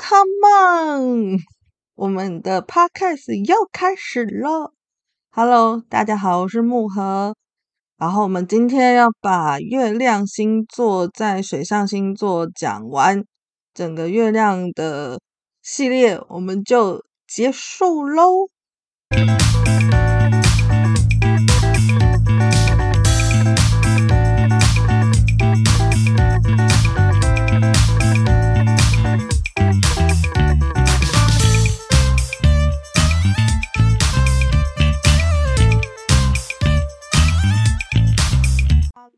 Come on，我們的 podcast 又開始了。Hello，大家好，我是沐禾。然後我們今天要把月亮星座在水象星座講完，整個月亮的系列我們就結束嘍。嗯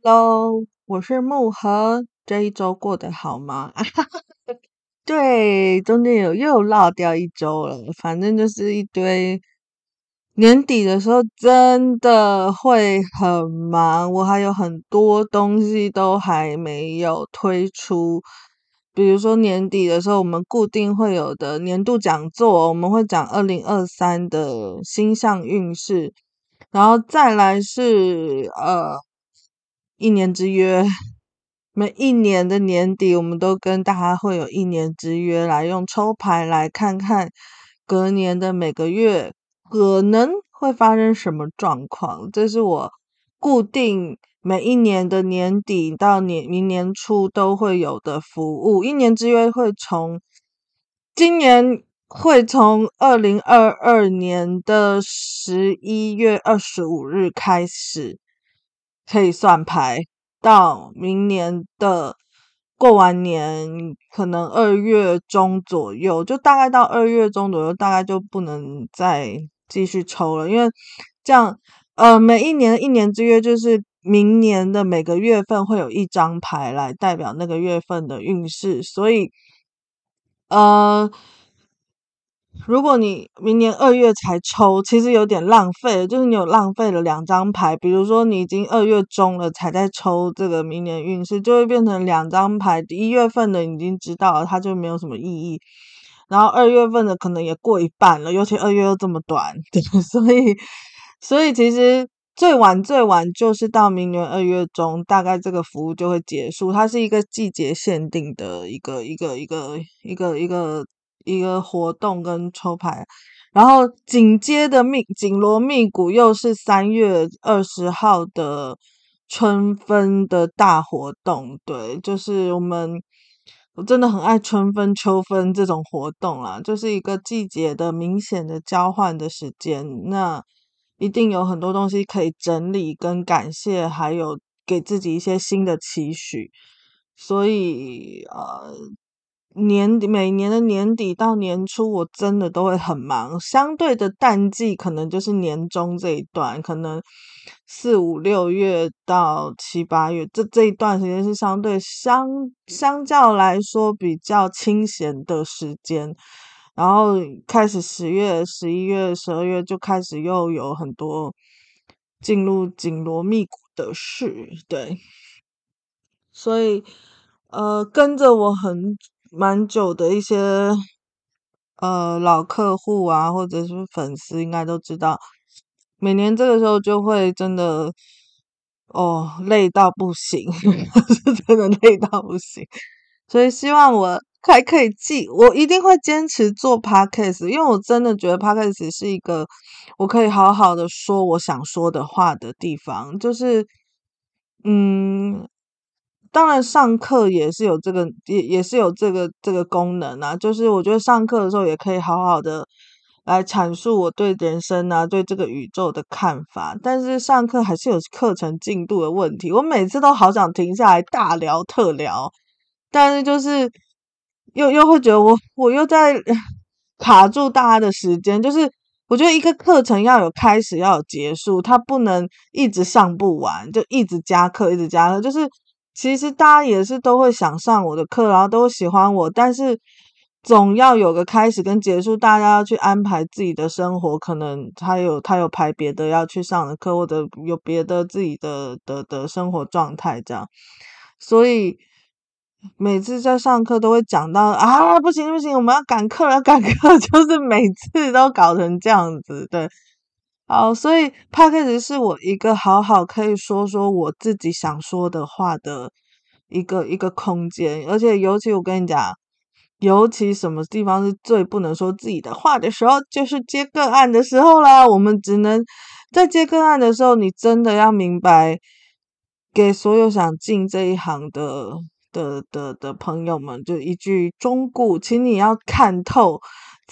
嘍，Hello，我是沐禾，這一周過得好嗎？ 對，中間有又落掉一周了，反正就是一堆。年底的時候真的會很忙，我還有很多東西都還沒有推出，比如說年底的時候我們固定會有的年度講座，我們會講二零二三的星象運勢，然後再來是呃。一年之約，每一年的年底，我們都跟大家會有一年之約，來用抽牌來看看隔年的每個月可能會發生什麼狀況。這是我固定每一年的年底到年明年初都會有的服務。一年之約會從今年會從二零二二年的十一月二十五日開始。可以算牌到明年的過完年，可能二月中左右，就大概到二月中左右，大概就不能再繼續抽了，因為這樣，呃，每一年一年之約，就是明年的每個月份會有一張牌來代表那個月份的運勢，所以，呃。如果你明年二月才抽，其實有點浪費了，就是你有浪費了兩張牌。比如說你已經二月中了才在抽這個明年運勢，就會變成兩張牌，一月份的已經知道了，它就沒有什麼意義。然後二月份的可能也過一半了，尤其二月又這麼短，對吧？所以所以其實最晚最晚就是到明年二月中，大概這個服務就會結束。它是一個季節限定的一個一個一個一個一個。一個一個一個一個一個活動跟抽牌，然後緊接的密緊鑼密鼓，又是三月二十號的春分的大活動。對，就是我們我真的很愛春分、秋分這種活動啦，就是一個季節的明顯的交換的時間，那一定有很多東西可以整理跟感謝，還有給自己一些新的期許，所以呃。年底每年的年底到年初，我真的都會很忙。相對的淡季可能就是年終這一段，可能四五六月到七八月，這這一段時間是相對相相較來說比較清閒的時間。然後開始十月、十一月、十二月就開始又有很多進入緊鑼密鼓的事。對，所以呃，跟着我很。蠻久的一些呃老客戶啊，或者是粉絲，應該都知道，每年這個時候就會真的哦，累到不行，是 真的累到不行。所以希望我還可以繼，我一定會堅持做 Podcast，因為我真的覺得 Podcast 是一個我可以好好的說我想說的話的地方，就是嗯。當然，上課也是有這個，也也是有這個這個功能啊。就是我覺得上課的時候也可以好好的來闡述我對人生啊、對這個宇宙的看法。但是上課還是有課程進度的問題。我每次都好想停下來大聊特聊，但是就是又又會覺得我我又在卡住大家的時間。就是我覺得一個課程要有開始，要有結束，它不能一直上不完，就一直加課，一直加課，就是。其實大家也是都會想上我的課，然後都喜歡我，但是總要有個開始跟結束，大家要去安排自己的生活。可能他有他有排別的要去上的課，或者有別的自己的的的生活狀態這樣。所以每次在上課都會講到啊，不行不行，我們要趕課了，趕課就是每次都搞成這樣子，對。好，所以帕克 r 是我一個好好可以說說我自己想說的話的一個一個空間，而且尤其我跟你講，尤其什麼地方是最不能說自己的話的時候，就是接個案的時候啦，我們只能在接個案的時候，你真的要明白，給所有想進這一行的的的的,的朋友們，就一句忠告，請你要看透、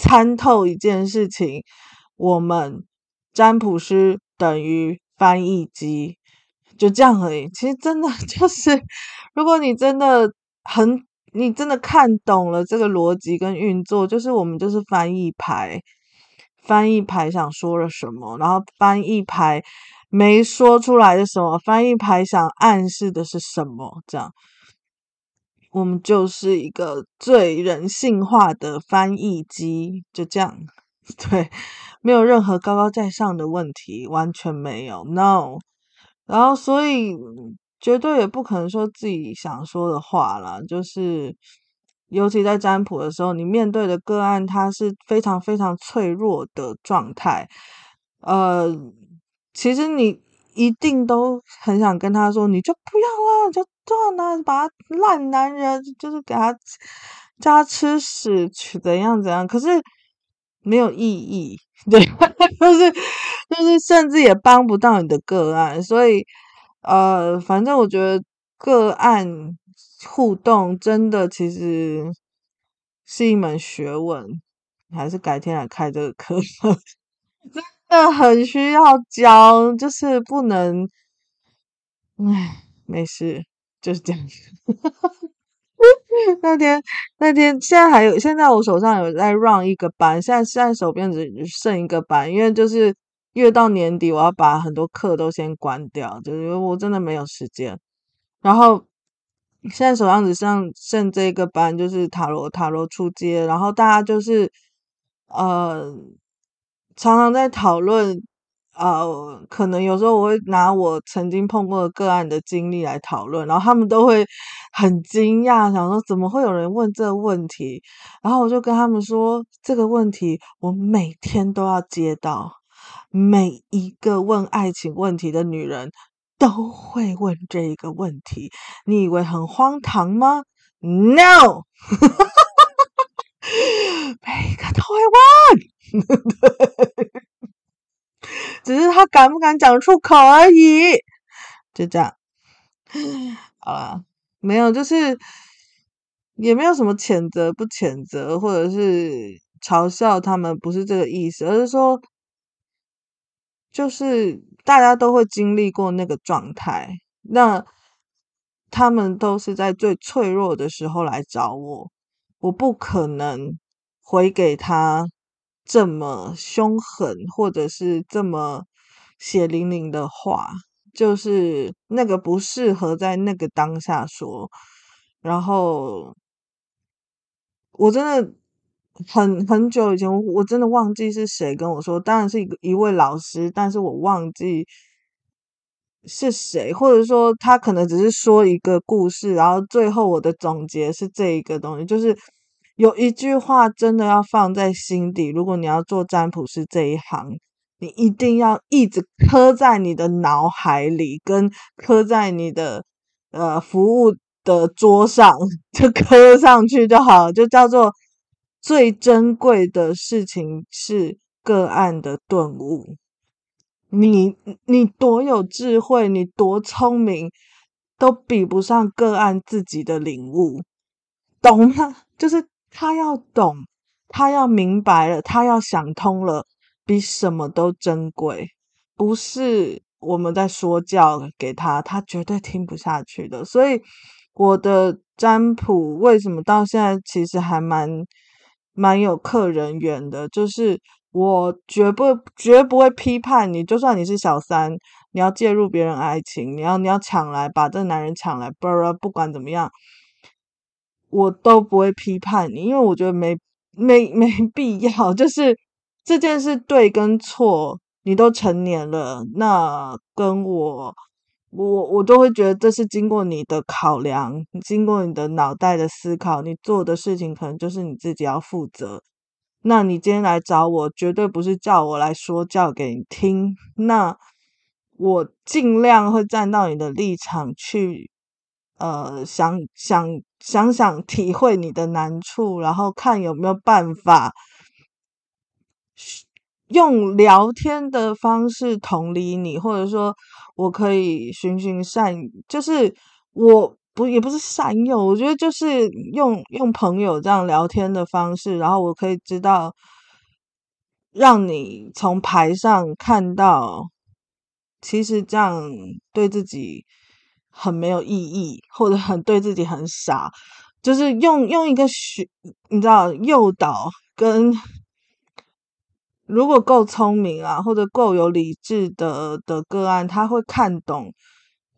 參透一件事情。我們。占卜師等於翻譯機，就這樣而已。其實真的就是，如果你真的很，你真的看懂了這個邏輯跟運作，就是我們就是翻譯牌，翻譯牌想說了什麼，然後翻譯牌沒說出來的時候，翻譯牌想暗示的是什麼，這樣，我們就是一個最人性化的翻譯機，就這樣。對，沒有任何高高在上的問題，完全沒有。no，然後所以絕對也不可能說自己想說的話啦，就是，尤其在占卜的時候，你面對的個案，他是非常非常脆弱的狀態。呃，其實你一定都很想跟他說，你就不要啦，就斷了，把他爛男人，就是給他，加吃屎去，怎樣怎樣。可是。沒有意義，對，就是就是，甚至也幫不到你的個案，所以呃，反正我覺得個案互動真的其實是一門學問，還是改天來開這個課，真的很需要教，就是不能，唉，沒事，就是這樣。 那天，那天現在還有，現在我手上有在 run 一個班，現在現在手邊只剩一個班，因為就是越到年底，我要把很多課都先關掉，就是因為我真的沒有時間。然後現在手上只剩剩這一個班，就是塔羅塔羅初階，然後大家就是呃常常在討論。呃，uh, 可能有時候我會拿我曾經碰過的個案的經歷來討論，然後他們都會很驚訝，想說怎麼會有人問這個問題？然後我就跟他們說，這個問題我每天都要接到，每一個問愛情問題的女人都會問這一個問題。你以為很荒唐嗎？No， 每一個都會問。 只是他敢不敢講出口而已，就這樣。好啦，沒有，就是也沒有什麼譴責不譴責，或者是嘲笑他們，不是這個意思，而是說，就是大家都會經歷過那個狀態，那他們都是在最脆弱的時候來找我，我不可能回給他。這麼兇狠，或者是這麼血淋淋的話，就是那個不適合在那個當下說。然後，我真的很很久以前，我真的忘記是誰跟我說。當然是一一位老師，但是我忘記是誰，或者說他可能只是說一個故事，然後最後我的總結是這一個東西，就是。有一句話真的要放在心底：如果你要做占卜師這一行，你一定要一直刻在你的腦海裡，跟刻在你的呃服務的桌上，就刻上去就好了。就叫做最珍貴的事情是個案的頓悟。你你多有智慧，你多聰明，都比不上個案自己的領悟，懂嗎？就是。他要懂，他要明白了，他要想通了，比什麼都珍貴。不是我們在說教給他，他絕對聽不下去的。所以我的占卜為什麼到現在其實還蠻蠻有客人緣的，就是我絕不絕不會批判你，就算你是小三，你要介入別人愛情，你要你要搶來把這男人搶來，不管怎麼樣。我都不會批判你，因為我覺得沒沒沒必要。就是這件事對跟錯，你都成年了，那跟我我我都會覺得這是經過你的考量，經過你的腦袋的思考，你做的事情可能就是你自己要負責。那你今天來找我，絕對不是叫我來說教給你聽。那我儘量會站到你的立場去。呃，想想想想體會你的難處，然後看有沒有辦法用聊天的方式同理你，或者說我可以循循善，就是我不，也不是善誘，我覺得就是用用朋友這樣聊天的方式，然後我可以知道，讓你從牌上看到，其實這樣對自己。很沒有意義，或者很對自己很傻，就是用用一個你知道誘導跟，如果夠聰明啊，或者夠有理智的的個案，他會看懂，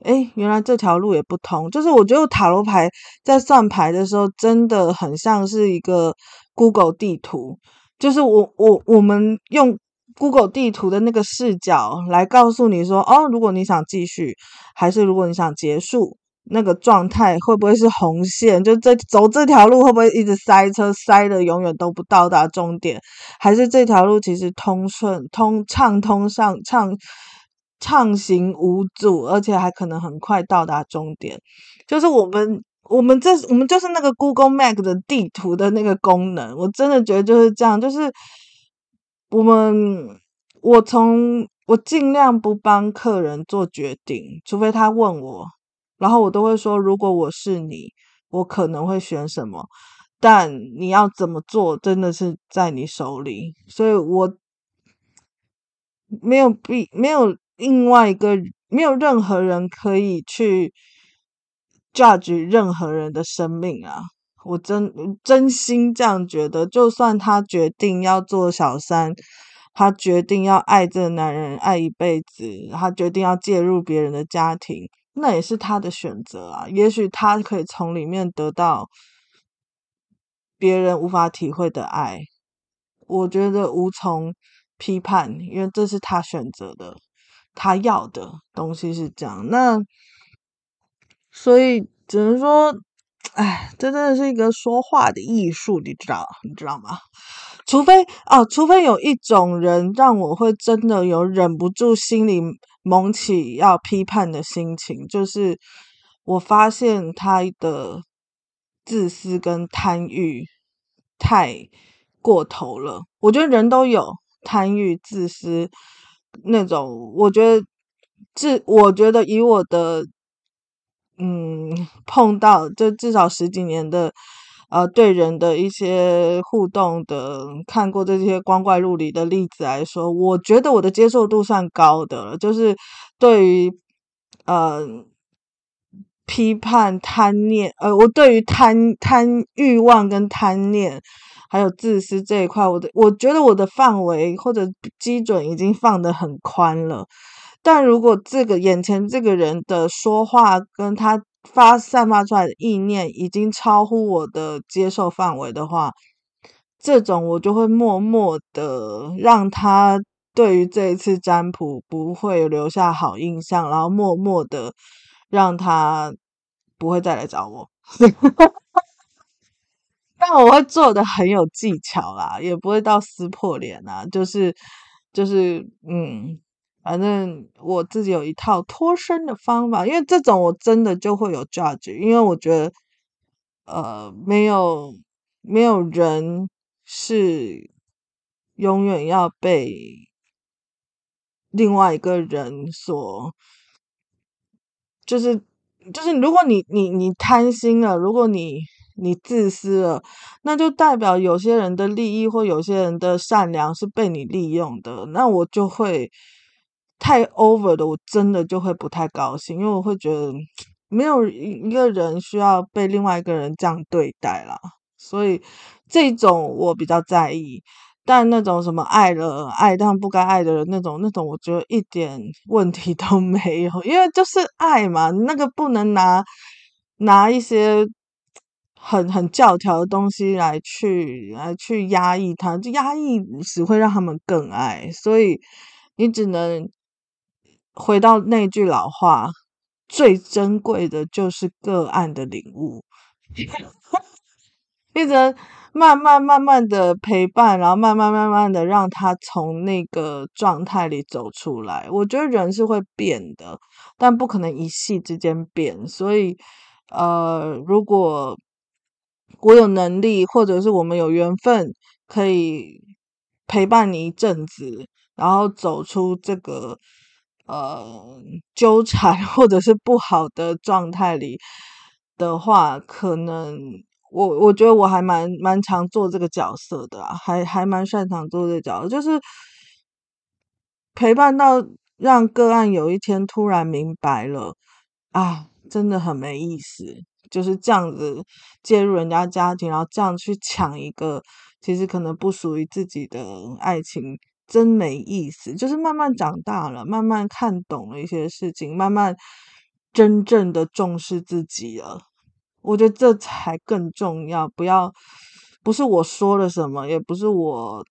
誒，原來這條路也不通。就是我覺得塔羅牌在算牌的時候，真的很像是一個 Google 地圖，就是我我我們用。Google 地圖的那個視角來告訴你說，哦，如果你想繼續，還是如果你想結束那個狀態，會不會是紅線？就這走這條路會不會一直塞車，塞得永遠都不到達終點？還是這條路其實通順、通暢通、上暢暢行無阻，而且還可能很快到達終點？就是我們，我們這，我們就是那個 Google Map 的地圖的那個功能，我真的覺得就是這樣，就是。我們，我從我儘量不幫客人做決定，除非他問我，然後我都會說，如果我是你，我可能會選什麼，但你要怎麼做，真的是在你手裡，所以我沒有必沒有另外一個沒有任何人可以去 judge 任何人的生命啊。我真真心這樣覺得，就算他決定要做小三，他決定要愛這個男人，愛一輩子，他決定要介入別人的家庭，那也是他的選擇啊。也許他可以從裡面得到別人無法體會的愛，我覺得無從批判，因為這是他選擇的，他要的東西是這樣。那所以只能說。哎，這真的是一個說話的藝術，你知道，你知道嗎？除非哦、啊，除非有一種人讓我會真的有忍不住心裡萌起要批判的心情，就是我發現他的自私跟貪欲太過頭了。我覺得人都有貪欲、自私那種，我覺得自，我覺得以我的。嗯，碰到這至少十幾年的，呃，對人的一些互動的，看過這些光怪陸離的例子來說，我覺得我的接受度算高的了。就是對於呃批判貪念，呃，我對於貪貪慾望跟貪念，還有自私這一塊，我的我覺得我的範圍或者基準已經放得很寬了。但如果這個眼前這個人的說話跟他發散發出來的意念已經超乎我的接受範圍的話，這種我就會默默的讓他對於這一次占卜不會留下好印象，然後默默的讓他不會再來找我。 但我會做得很有技巧啦，也不會到撕破臉啦，就是就是嗯。反正我自己有一套脫身的方法，因為這種我真的就會有 judge，因為我覺得，呃，沒有沒有人是永遠要被另外一個人所，就是就是，如果你你你貪心了，如果你你自私了，那就代表有些人的利益或有些人的善良是被你利用的，那我就會。太 over 的，我真的就會不太高興，因為我會覺得沒有一個人需要被另外一個人這樣對待啦。所以這種我比較在意，但那種什麼愛了愛但不該愛的人那種那種，我覺得一點問題都沒有，因為就是愛嘛，那個不能拿拿一些很很教條的東西來去來去壓抑他，就壓抑只會讓他們更愛，所以你只能。回到那句老話，最珍貴的就是個案的領悟。一 直慢慢慢慢的陪伴，然後慢慢慢慢的讓他從那個狀態裡走出來。我覺得人是會變的，但不可能一夕之間變。所以，呃，如果我有能力，或者是我們有緣分，可以陪伴你一陣子，然後走出這個。呃，糾纏或者是不好的狀態裡的話，可能我我覺得我還蠻蠻常做這個角色的啊，還還蠻擅長做這個角色，就是陪伴到讓個案有一天突然明白了啊，真的很沒意思，就是這樣子介入人家家庭，然後這樣去搶一個其實可能不屬於自己的愛情。真沒意思，就是慢慢長大了，慢慢看懂了一些事情，慢慢真正的重視自己了。我覺得這才更重要。不要，不是我說了什麼，也不是我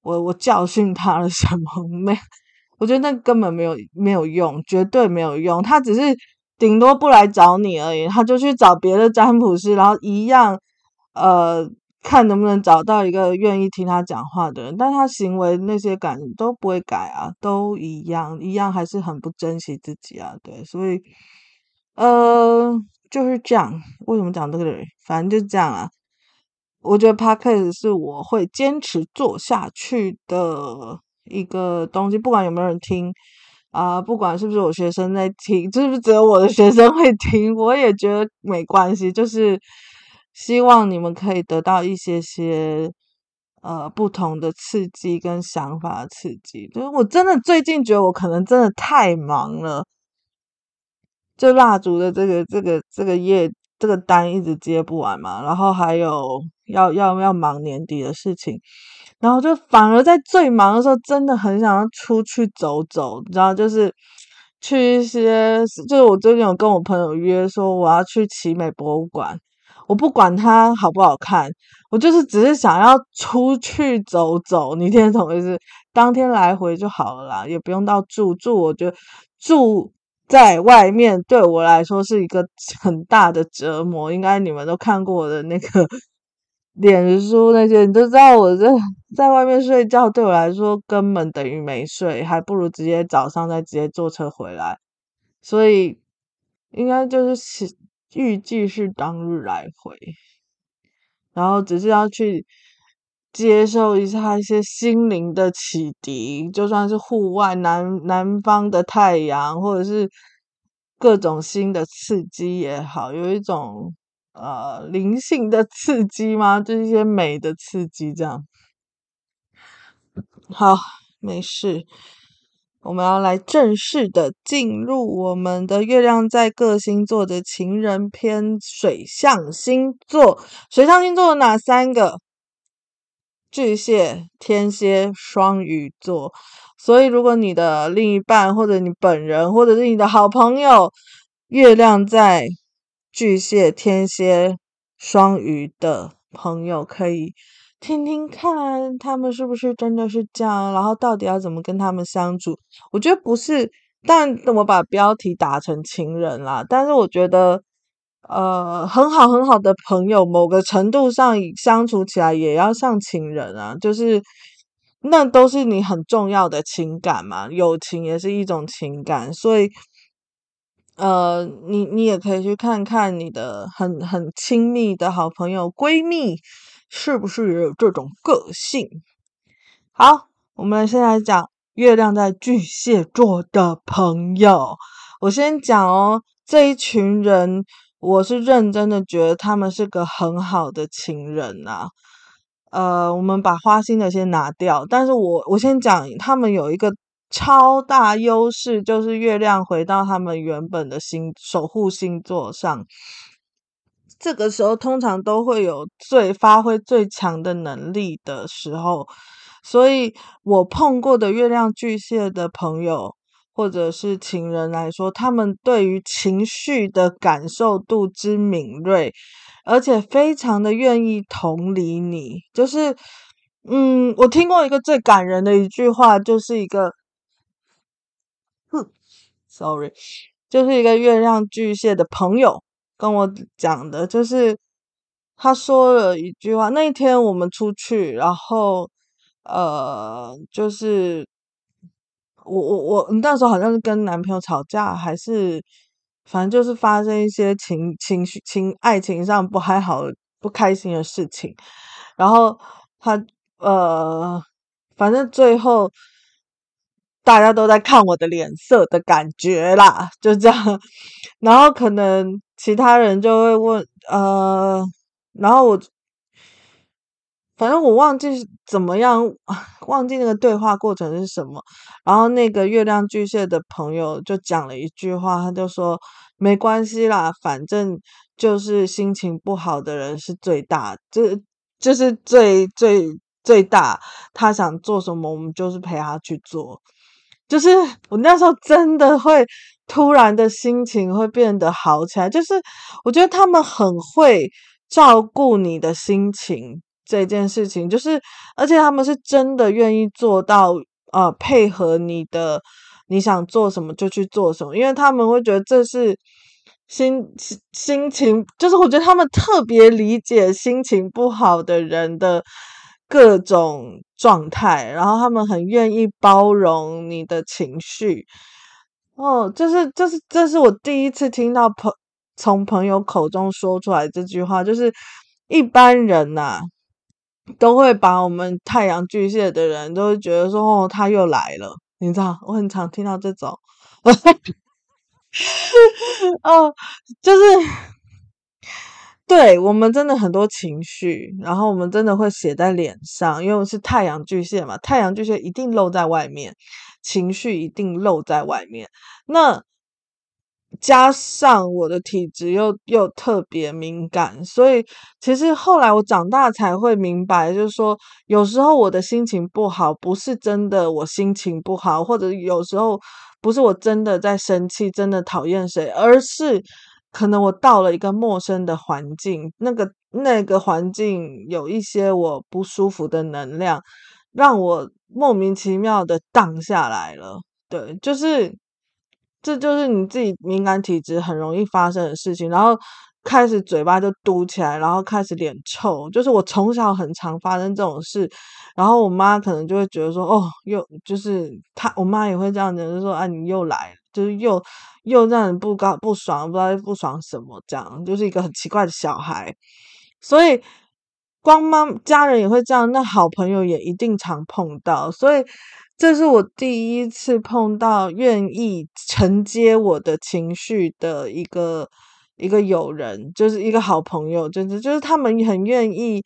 我我教訓他了什麼，沒，我覺得那根本沒有沒有用，絕對沒有用。他只是頂多不來找你而已，他就去找別的占卜師，然後一樣，呃。看能不能找到一個願意聽他講話的人，但他行為那些感覺都不會改啊，都一樣，一樣還是很不珍惜自己啊，對，所以呃就是這樣。為什麼講這個？反正就是這樣啊。我覺得 Podcast 是我會堅持做下去的一個東西，不管有沒有人聽啊、呃，不管是不是我學生在聽，是、就、不是只有我的學生會聽，我也覺得沒關係，就是。希望你們可以得到一些些呃不同的刺激跟想法刺激，就是我真的最近覺得我可能真的太忙了，就蠟燭的這個這個這個業這個單一直接不完嘛，然後還有要要要忙年底的事情，然後就反而在最忙的時候真的很想要出去走走，你知道就是去一些，就是我最近有跟我朋友約說我要去奇美博物館。我不管它好不好看，我就是只是想要出去走走。你聽懂意思？當天來回就好了啦，也不用到住住。我覺得住在外面對我來說是一個很大的折磨。應該你們都看過我的那個臉書那些，你都知道我在在外面睡覺，對我來說根本等於沒睡，還不如直接早上再直接坐車回來。所以應該就是是。預計是當日來回，然後只是要去接受一下一些心靈的啟迪，就算是戶外南南方的太陽，或者是各種新的刺激也好，有一種呃靈性的刺激嗎？就是一些美的刺激，這樣好沒事。我們要來正式的進入我們的月亮在各星座的情人篇，水象星座。水象星座有哪三個？巨蟹、天蠍、雙魚座。所以，如果你的另一半，或者你本人，或者是你的好朋友，月亮在巨蟹、天蠍、雙魚的朋友，可以。聽聽看，他們是不是真的是這樣？然後到底要怎麼跟他們相處？我覺得不是，但我把標題打成情人啦。但是我覺得，呃，很好很好的朋友，某個程度上相處起來也要像情人啊，就是那都是你很重要的情感嘛。友情也是一種情感，所以，呃，你你也可以去看看你的很很親密的好朋友，閨蜜。是不是也有這種個性？好，我們先來講月亮在巨蟹座的朋友。我先講哦，這一群人，我是認真的，覺得他們是個很好的情人吶啊。呃，我們把花心的先拿掉，但是我我先講，他們有一個超大優勢，就是月亮回到他們原本的星守護星座上。這個時候通常都會有最發揮最強的能力的時候，所以我碰過的月亮巨蟹的朋友或者是情人來說，他們對於情緒的感受度之敏銳，而且非常的願意同理你。就是，嗯，我聽過一個最感人的一句話，就是一個，哼，sorry，就是一個月亮巨蟹的朋友。跟我講的就是，他說了一句話。那一天我們出去，然後呃，就是我我我那時候好像是跟男朋友吵架，還是反正就是發生一些情情緒情愛情上不還好不開心的事情，然後他呃，反正最後大家都在看我的臉色的感覺啦，就這樣。然後可能。其他人就會問，呃，然後我，反正我忘記怎麼樣，忘記那個對話過程是什麼。然後那個月亮巨蟹的朋友就講了一句話，他就說：“沒關係啦，反正就是心情不好的人是最大，就，就是最，最，最大。他想做什麼，我們就是陪他去做。就是我那時候真的會。”突然的心情會變得好起來，就是我覺得他們很會照顧你的心情。這件事情就是，而且他們是真的願意做到，呃，配合你的，你想做什麼就去做什麼，因為他們會覺得這是心，心情，就是我覺得他們特別理解心情不好的人的各種狀態，然後他們很願意包容你的情緒。哦，就是，就是，這是我第一次聽到朋從朋友口中說出來這句話。就是一般人吶、啊，都會把我們太陽巨蟹的人，都會覺得說哦，他又來了。你知道，我很常聽到這種。 哦，就是，對，我們真的很多情緒，然後我們真的會寫在臉上，因為我是太陽巨蟹嘛，太陽巨蟹一定露在外面。情緒一定露在外面，那加上我的體質又又特別敏感，所以其實後來我長大才會明白，就是說有時候我的心情不好，不是真的我心情不好，或者有時候不是我真的在生氣，真的討厭誰，而是可能我到了一個陌生的環境，那個那個環境有一些我不舒服的能量，讓我。莫名其妙的盪下來了，對，就是這就是你自己敏感體質很容易發生的事情。然後開始嘴巴就嘟起來，然後開始臉臭，就是我從小很常發生這種事。然後我媽可能就會覺得說：“哦，又就是她，我媽也會這樣子，就說啊，你又來，就是又又讓人不高不爽，不知道不爽什麼，這樣就是一個很奇怪的小孩。”所以。光媽，家人也會這樣，那好朋友也一定常碰到，所以這是我第一次碰到願意承接我的情緒的一個一個友人，就是一個好朋友，就是就是他們很願意，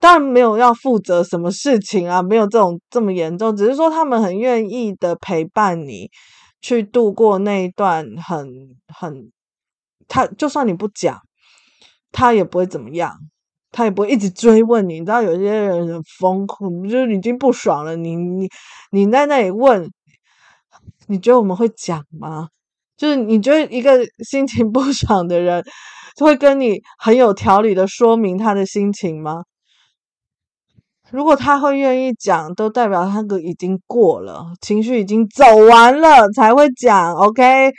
當然沒有要負責什麼事情啊，沒有這種這麼嚴重，只是說他們很願意的陪伴你去度過那一段很很，他就算你不講，他也不會怎麼樣。他也不會一直追問你，你知道，有些人很瘋狂，就是你已經不爽了。你你你在那裡問，你覺得我們會講嗎？就是你覺得一個心情不爽的人就會跟你很有條理的說明他的心情嗎？如果他會願意講，都代表他那個已經過了，情緒已經走完了才會講。OK，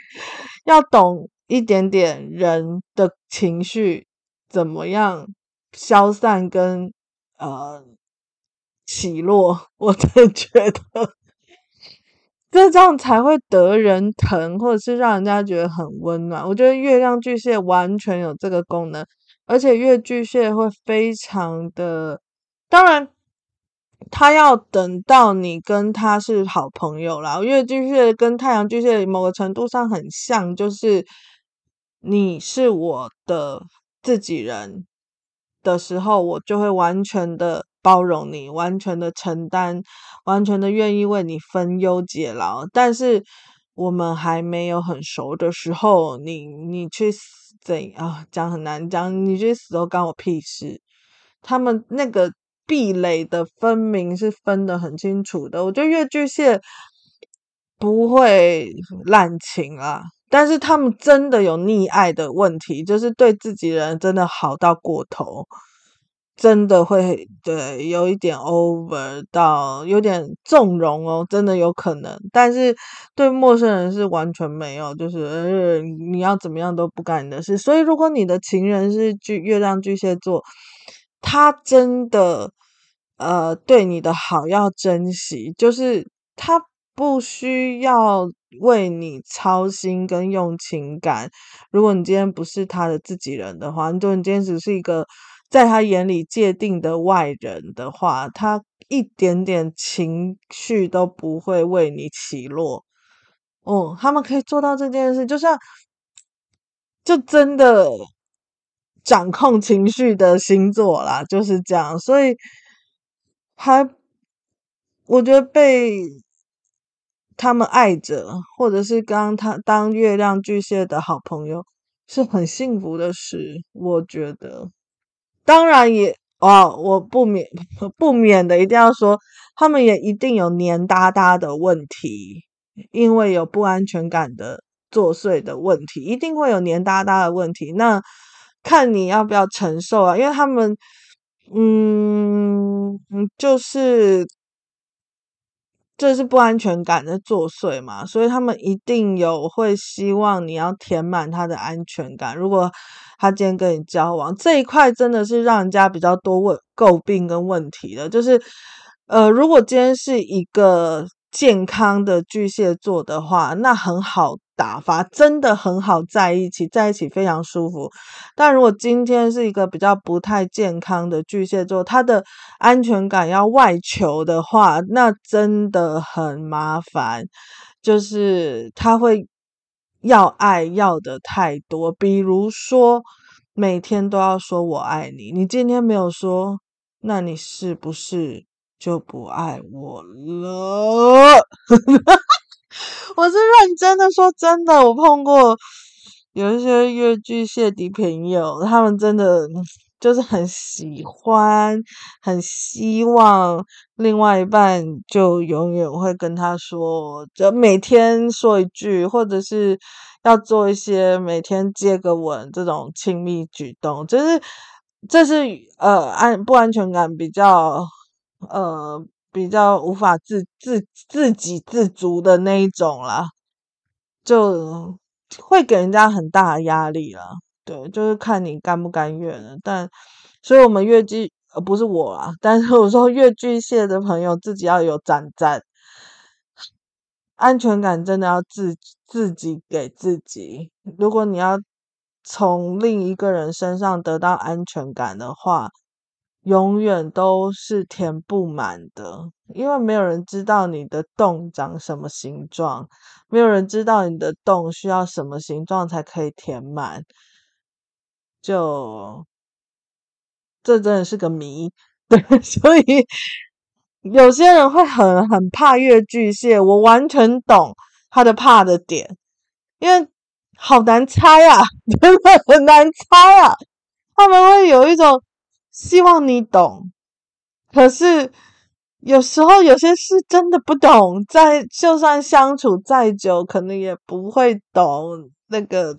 要懂一點點人的情緒怎麼樣？消散跟呃起落，我真覺得，這樣才會得人疼，或者是讓人家覺得很溫暖。我覺得月亮巨蟹完全有這個功能，而且月巨蟹會非常的，當然他要等到你跟他是好朋友啦。月巨蟹跟太陽巨蟹某個程度上很像，就是你是我的自己人。的時候，我就會完全的包容你，完全的承擔，完全的願意為你分憂解勞。但是我們還沒有很熟的時候，你你去死怎樣，哦、講很難講，你去死都幹我屁事。他們那個壁壘的分明是分得很清楚的。我覺得月巨蟹不會濫情啊。但是他們真的有溺愛的問題，就是對自己人真的好到過頭，真的會對有一點 over 到有點縱容哦，真的有可能。但是對陌生人是完全沒有，就是、呃、你要怎麼樣都不干你的事。所以如果你的情人是巨月亮巨蟹座，他真的呃對你的好要珍惜，就是他不需要。為你操心跟用情感，如果你今天不是他的自己人的話，就你今天只是一個在他眼裡界定的外人的話，他一點點情緒都不會為你起落。哦，他們可以做到這件事，就像就真的掌控情緒的星座啦，就是這樣。所以，還我覺得被。他們愛着，或者是剛他當月亮巨蟹的好朋友，是很幸福的事。我覺得，當然也，哦，我不免不免的一定要說，他們也一定有黏噠噠的問題，因為有不安全感的作祟的問題，一定會有黏噠噠的問題。那看你要不要承受啊？因為他們，嗯，就是。這是不安全感在作祟嘛，所以他們一定有會希望你要填滿他的安全感。如果他今天跟你交往這一塊，真的是讓人家比較多問詬病跟問題的，就是呃，如果今天是一個健康的巨蟹座的話，那很好。打發真的很好，在一起，在一起非常舒服。但如果今天是一個比較不太健康的巨蟹座，他的安全感要外求的話，那真的很麻煩。就是他會要愛要的太多，比如說每天都要說我愛你，你今天沒有說，那你是不是就不愛我了？ 我是認真的，說真的，我碰過有一些月巨蟹的朋友，他們真的就是很喜歡，很希望另外一半就永遠會跟他說，就每天說一句，或者是要做一些每天接個吻這種親密舉動，就是這是呃安不安全感比較呃。比較無法自自自給自足的那一種啦，就會給人家很大的壓力啦。對，就是看你甘不甘願了。但所以，我們月巨呃不是我啊，但是我說月巨蟹的朋友自己要有攢攢安全感，真的要自自己給自己。如果你要從另一個人身上得到安全感的話，永遠都是填不滿的，因為沒有人知道你的洞長什麼形狀，沒有人知道你的洞需要什麼形狀才可以填滿，就這真的是個謎，對，所以有些人會很很怕月巨蟹，我完全懂他的怕的點，因為好難猜啊，真的很難猜啊，他們會有一種。希望你懂，可是有時候有些事真的不懂。再就算相處再久，可能也不會懂那個。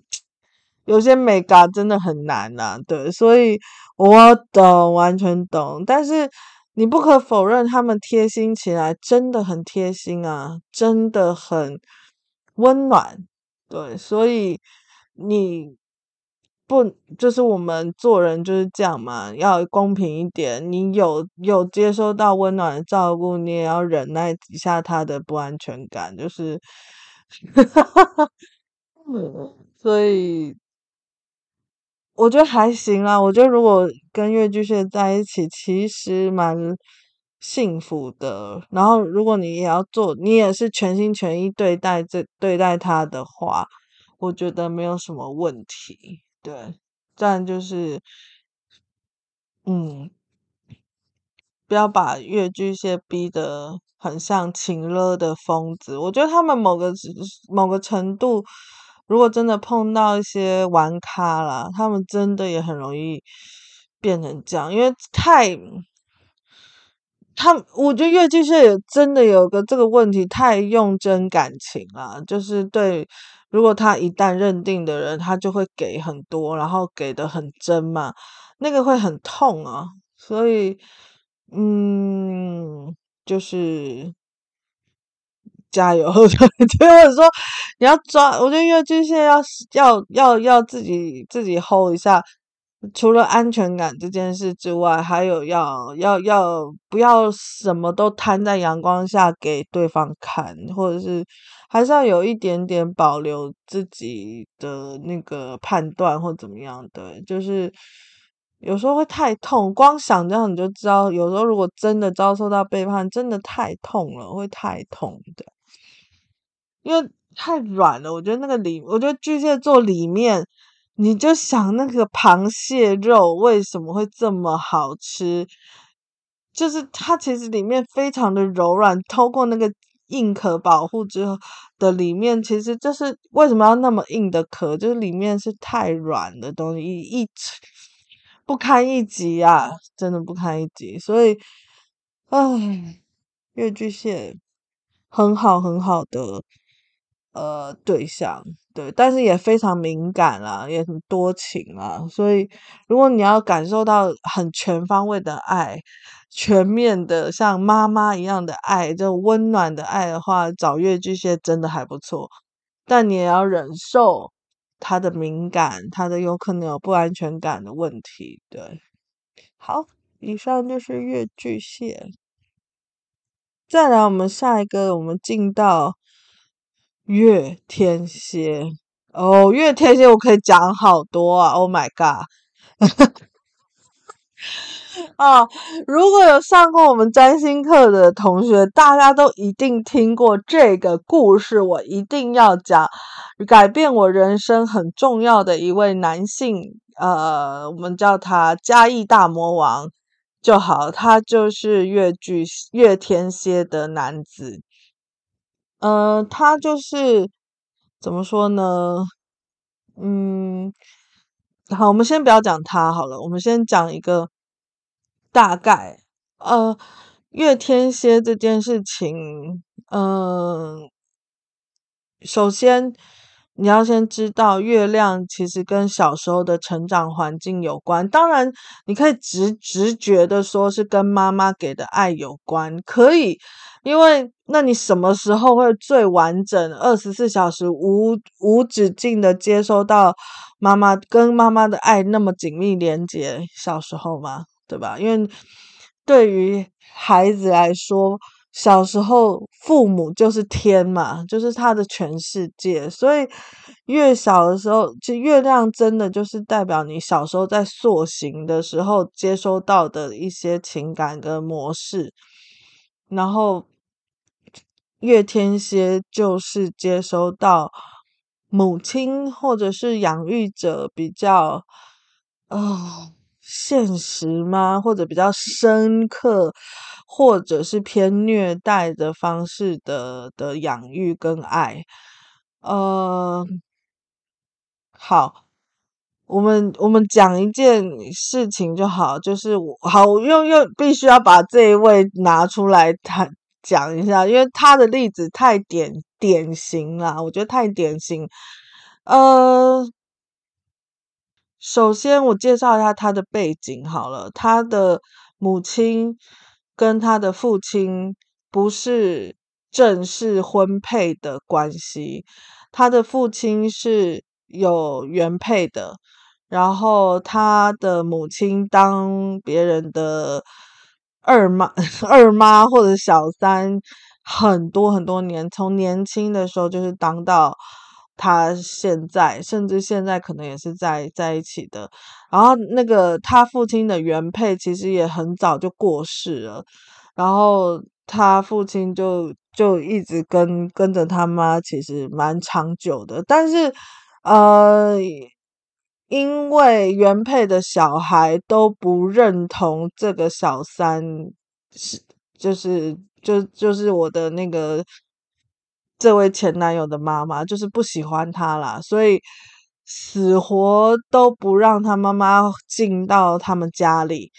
有些美嘎真的很難吶、啊，對。所以，我懂，完全懂。但是你不可否認，他們貼心起來真的很貼心啊，真的很溫暖。對，所以你。不，就是我們做人就是這樣嘛，要公平一點。你有有接收到溫暖的照顧，你也要忍耐一下他的不安全感，就是，哈哈嗯，所以我覺得還行啦。我覺得如果跟月巨蟹在一起，其實蠻幸福的。然後，如果你也要做，你也是全心全意對待這對待他的話，我覺得沒有什麼問題。對，但就是，嗯，不要把月巨蟹逼得很像情勒的瘋子。我覺得他們某個某個程度，如果真的碰到一些玩咖了，他們真的也很容易變成這樣，因為太……他我覺得月巨蟹也真的有個這個問題，太用真感情了，就是對。如果他一旦認定的人，他就會給很多，然後給的很真嘛，那個會很痛啊。所以，嗯，就是加油， 就是說你要抓，我覺得月巨蟹要要要要自己自己 hold 一下。除了安全感這件事之外，還有要要要不要什麼都攤在陽光下給對方看，或者是還是要有一點點保留自己的那個判斷或怎麼樣的？就是有時候會太痛，光想這樣你就知道，有時候如果真的遭受到背叛，真的太痛了，會太痛的，因為太軟了。我覺得那個裡，我覺得巨蟹座裡面。你就想那個螃蟹肉為什麼會這麼好吃？就是它其實裡面非常的柔軟，透過那個硬殼保護之後的裡面，其實就是為什麼要那麼硬的殼？就是裡面是太軟的東西，一不堪一擊啊，真的不堪一擊。所以，嗯，月巨蟹很好很好的呃對象。對，但是也非常敏感啦，也很多情啦，所以如果你要感受到很全方位的愛，全面的像媽媽一樣的愛，就溫暖的愛的話，找月巨蟹真的還不錯。但你也要忍受他的敏感，他的有可能有不安全感的問題。對，好，以上就是月巨蟹。再來，我們下一個，我們進到。月天蠍哦，oh, 月天蠍我可以講好多啊！Oh my god，哦、 啊，如果有上過我們占星課的同學，大家都一定聽過這個故事。我一定要講，改變我人生很重要的一位男性，呃，我們叫他嘉義大魔王就好。他就是月巨月天蠍的男子。呃，他就是怎麼說呢？嗯，好，我們先不要講他好了，我們先講一個大概。呃，月天蠍這件事情，嗯、呃，首先你要先知道，月亮其實跟小時候的成長環境有關。當然，你可以直直覺的說，是跟媽媽給的愛有關，可以。因為，那你什麼時候會最完整？二十四小時無無止境的接收到媽媽跟媽媽的愛，那麼緊密連接，小時候嘛，對吧？因為對於孩子來說，小時候父母就是天嘛，就是他的全世界。所以越小的時候，其實月亮真的就是代表你小時候在塑形的時候接收到的一些情感跟模式。然後，月天蠍就是接收到母親或者是養育者比較哦、呃、現實嗎？或者比較深刻，或者是偏虐待的方式的的養育跟愛，呃，好。我們我們講一件事情就好，就是我好，又又必須要把這一位拿出來談，講一下，因為他的例子太典典型了，我覺得太典型。呃，首先我介紹一下他的背景好了，他的母親跟他的父親不是正式婚配的關係，他的父親是有原配的。然後他的母親當別人的二媽、二媽或者小三，很多很多年，從年輕的時候就是當到他現在，甚至現在可能也是在在一起的。然後那個他父親的原配其實也很早就過世了，然後他父親就就一直跟跟着他媽，其實蠻長久的，但是呃，因為原配的小孩都不認同這個小三，就是，就是就就是我的那個這位前男友的媽媽，就是不喜歡他啦，所以死活都不讓他媽媽進到他們家裡。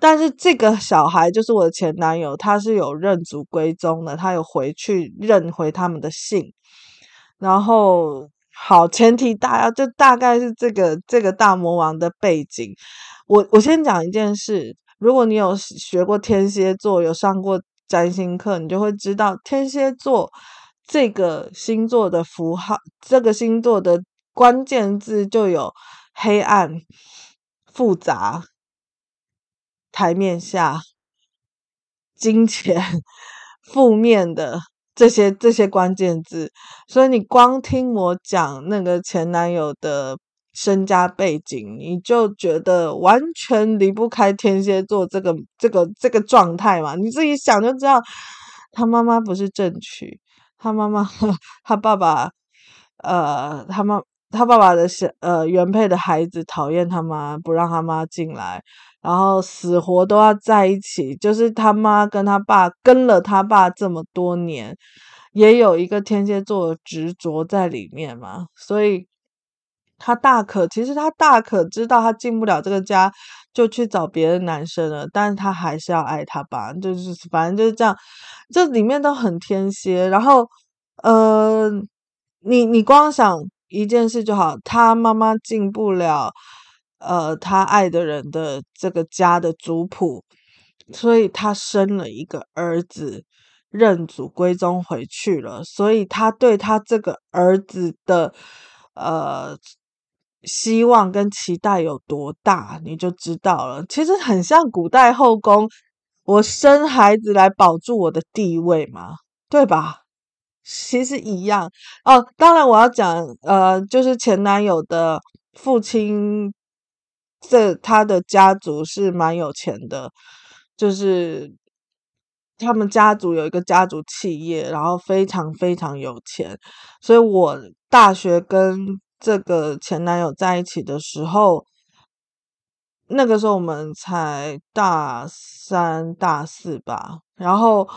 但是這個小孩就是我的前男友，他是有認祖歸宗的，他有回去認回他們的姓，然後。好，前提大家就大概是這個這個大魔王的背景。我我先講一件事，如果你有學過天蠍座，有上過占星課，你就會知道天蠍座這個星座的符號，這個星座的關鍵字就有黑暗、複雜、台面下、金錢、負面的。這些這些關鍵字，所以你光聽我講那個前男友的身家背景，你就覺得完全離不開天蠍座這個這個這個狀態嘛。你自己想就知道，他媽媽不是正娶，他媽媽呵，他爸爸，呃，他媽他爸爸的呃原配的孩子討厭他媽，不讓他媽進來。然後死活都要在一起，就是他媽跟他爸，跟了他爸這麼多年，也有一個天蠍座的執着在裡面嘛，所以他大可，其實他大可知道他進不了這個家，就去找別的男生了，但是他還是要愛他爸，就是反正就是這樣，這裡面都很天蠍。然後呃，你你光想一件事就好，他媽媽進不了。呃，他愛的人的這個家的族譜，所以他生了一個兒子，認祖歸宗回去了。所以他對他這個兒子的呃希望跟期待有多大，你就知道了。其實很像古代後宮，我生孩子來保住我的地位嘛，對吧？其實一樣哦。當然我要講，呃，就是前男友的父親。這他的家族是蠻有錢的，就是他們家族有一個家族企業，然後非常非常有錢。所以我大學跟這個前男友在一起的時候，那個時候我們才大三大四吧，然後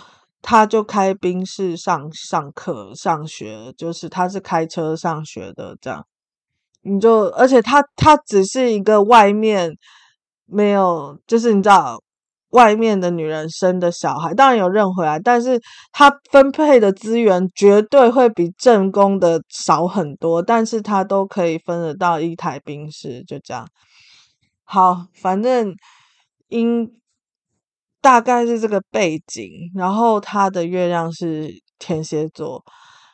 他就開賓士上上課上學，就是他是開車上學的這樣。你就，而且他他只是一個外面沒有，就是你知道，外面的女人生的小孩，當然有認回來，但是他分配的資源絕對會比正宮的少很多，但是他都可以分得到一台賓士，就這樣。好，反正應大概是這個背景，然後他的月亮是天蠍座。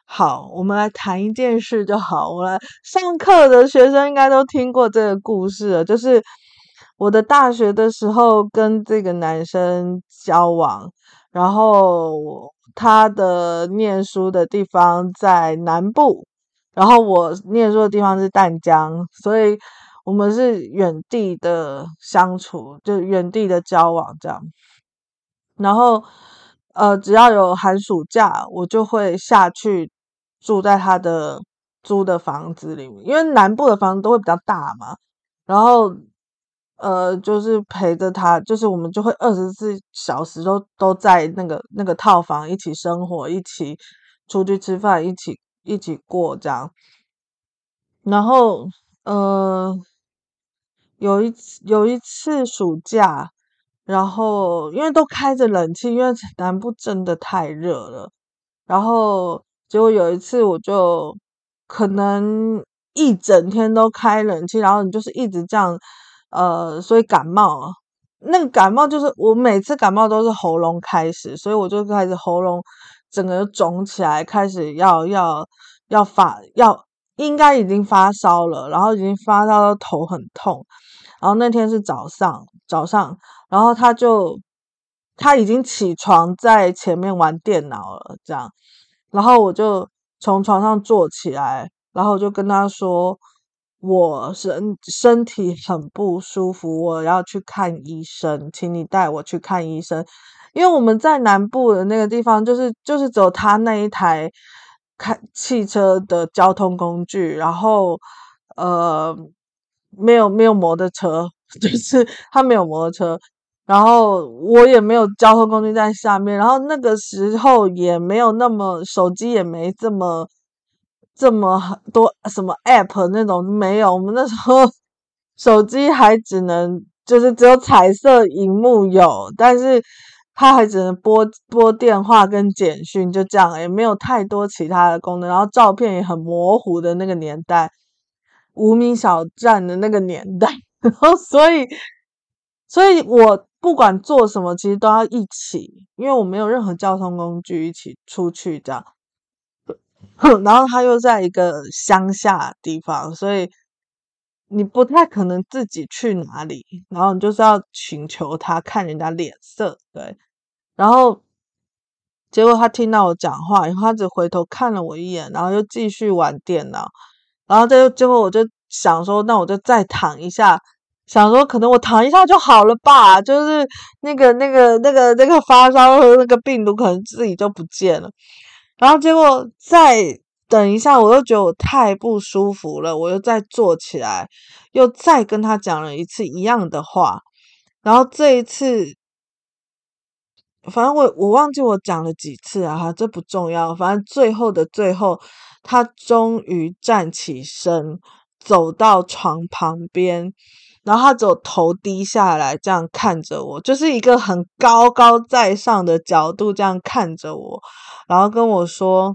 好，我們來談一件事就好。我來上課的學生應該都聽過這個故事了，就是我的大學的時候跟這個男生交往，然後他的念書的地方在南部，然後我念書的地方是淡江，所以我們是遠地的相處，就是遠地的交往這樣。然後呃，只要有寒暑假，我就會下去。住在他的租的房子裡面，因為南部的房子都會比較大嘛。然後，呃，就是陪着他，就是我們就會二十四小時都都在那個那個套房一起生活，一起出去吃飯，一起一起過這樣。然後，呃，有一次有一次暑假，然後因為都開着冷氣，因為南部真的太熱了，然後。結果有一次，我就可能一整天都開冷氣，然後你就是一直這樣，呃，所以感冒。那個感冒就是我每次感冒都是喉嚨開始，所以我就開始喉嚨整個腫起來，開始要要要發，要，應該已經發燒了，然後已經發燒到頭很痛。然後那天是早上，早上，然後他就，他已經起床在前面玩電腦了，這樣。然後我就從床上坐起來，然後我就跟他說：“我身身體很不舒服，我要去看醫生，請你帶我去看醫生。”因為我們在南部的那個地方，就是，就是就是只有他那一台開汽車的交通工具，然後呃沒有沒有摩托車，就是他沒有摩托車。然後我也沒有交通工具在下面，然後那個時候也沒有那麼手機也沒這麼這麼多什麼 App 那種沒有，我們那時候手機還只能就是只有彩色熒幕有，但是它還只能撥撥電話跟簡訊就這樣，也沒有太多其他的功能，然後照片也很模糊的那個年代，無名小站的那個年代，然後所以所以我。不管做什麼，其實都要一起，因為我沒有任何交通工具一起出去這樣。然後他又在一個鄉下地方，所以你不太可能自己去哪裡。然後你就是要請求他看人家臉色，對。然後結果他聽到我講話，然後他只回頭看了我一眼，然後又繼續玩電腦。然後再最後，我就想說，那我就再躺一下。想說，可能我躺一下就好了吧，就是那個、那個、那個、那個發燒那個病毒，可能自己就不見了。然後結果再等一下，我又覺得我太不舒服了，我又再坐起來，又再跟他講了一次一樣的話。然後這一次，反正我我忘記我講了幾次啊，這不重要。反正最後的最後，他終於站起身，走到床旁邊。然後他只有頭低下來，這樣看着我，就是一個很高高在上的角度這樣看着我，然後跟我說：“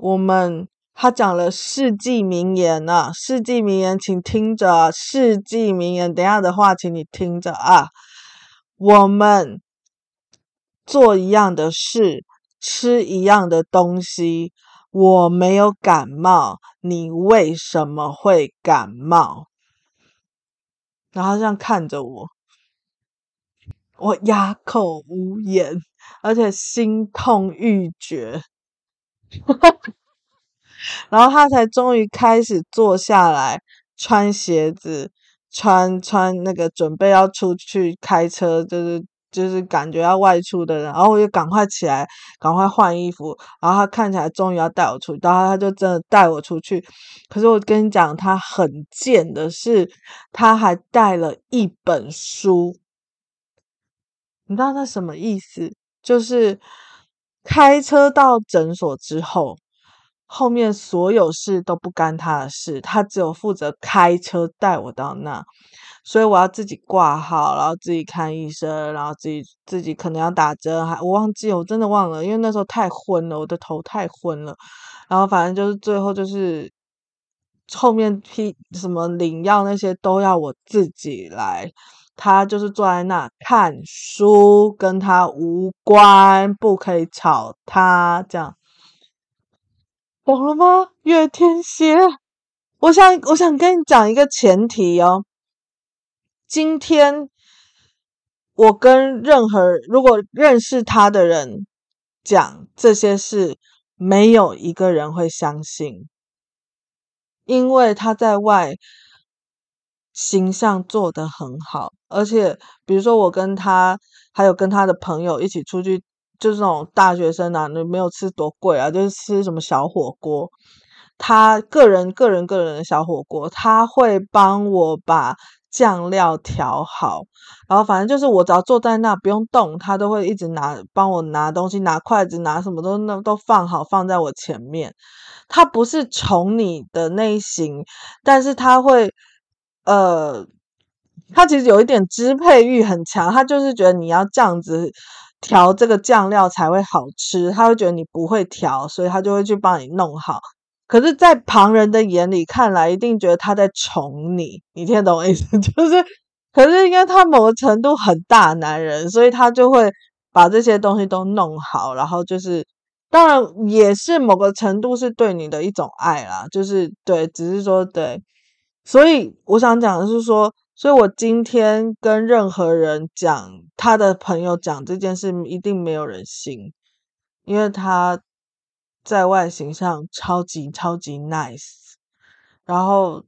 我們他講了世紀名言呢、啊，世紀名言，請聽着、啊，世紀名言，等一下的話，請你聽着啊，我們做一樣的事，吃一樣的東西，我沒有感冒，你為什麼會感冒？”然後這樣看着我，我啞口無言，而且心痛欲絕。 然後他才終於開始坐下來，穿鞋子，穿穿那個準備要出去開車，就是。就是感覺要外出的人，然後我就趕快起來，趕快換衣服，然後他看起來終於要帶我出去，然後他就真的帶我出去。可是我跟你講，他很賤的是，他還帶了一本書，你知道他什麼意思？就是開車到診所之後。後面所有事都不干他的事，他只有負責開車帶我到那，所以我要自己掛號，然後自己看醫生，然後自己自己可能要打針，還我忘記，我真的忘了，因為那時候太昏了，我的頭太昏了，然後反正就是最後就是後面批什麼領藥那些都要我自己來，他就是坐在那看書，跟他無關，不可以吵他這樣。懂了嗎？月天蠍。我想，我想跟你講一個前提哦。今天我跟任何如果認識他的人講這些事，沒有一個人會相信，因為他在外形象做得很好，而且比如說我跟他還有跟他的朋友一起出去。就這種大學生啊，你沒有吃多貴啊，就是吃什麼小火鍋。他個人、個人、個人的小火鍋，他會幫我把醬料調好，然後反正就是我只要坐在那不用動，他都會一直拿幫我拿東西、拿筷子、拿什麼都那都放好，放在我前面。他不是寵你的那一型，但是他會呃，他其實有一點支配欲很強，他就是覺得你要這樣子。調這個醬料才會好吃，他會覺得你不會調，所以他就會去幫你弄好。可是，在旁人的眼裡看來，一定覺得他在寵你。你聽得懂我意思？就是，可是，因為他某個程度很大男人，所以他就會把這些東西都弄好。然後就是，當然也是某個程度是對你的一種愛啦。就是對，只是說對。所以我想講的是說。所以我今天跟任何人講他的朋友講這件事，一定沒有人信，因為他在外形上超級超級 nice，然後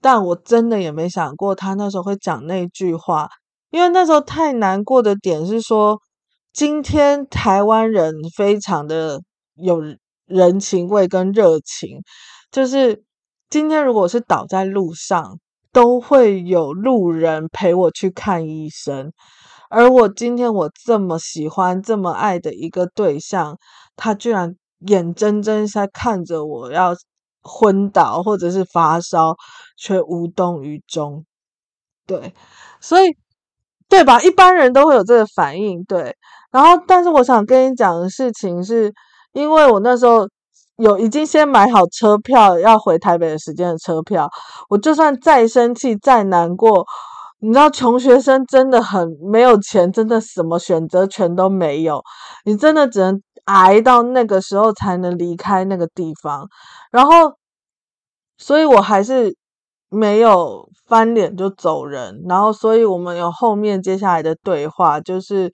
但我真的也沒想過他那時候會講那句話，因為那時候太難過的點是說，今天台灣人非常的有人情味跟熱情，就是今天如果是倒在路上。都會有路人陪我去看醫生，而我今天我這麼喜歡、這麼愛的一個對象，他居然眼睜睜在看着我要昏倒或者是發燒，卻無動於衷。對，所以，對吧？一般人都會有這個反應。對，然後，但是我想跟你講的事情是，因為我那時候。有已經先買好車票，要回台北的時間的車票，我就算再生氣再難過，你知道窮學生真的很沒有錢，真的什麼選擇權都沒有，你真的只能挨到那個時候才能離開那個地方。然後，所以我還是沒有翻臉就走人。然後，所以我們有後面接下來的對話，就是。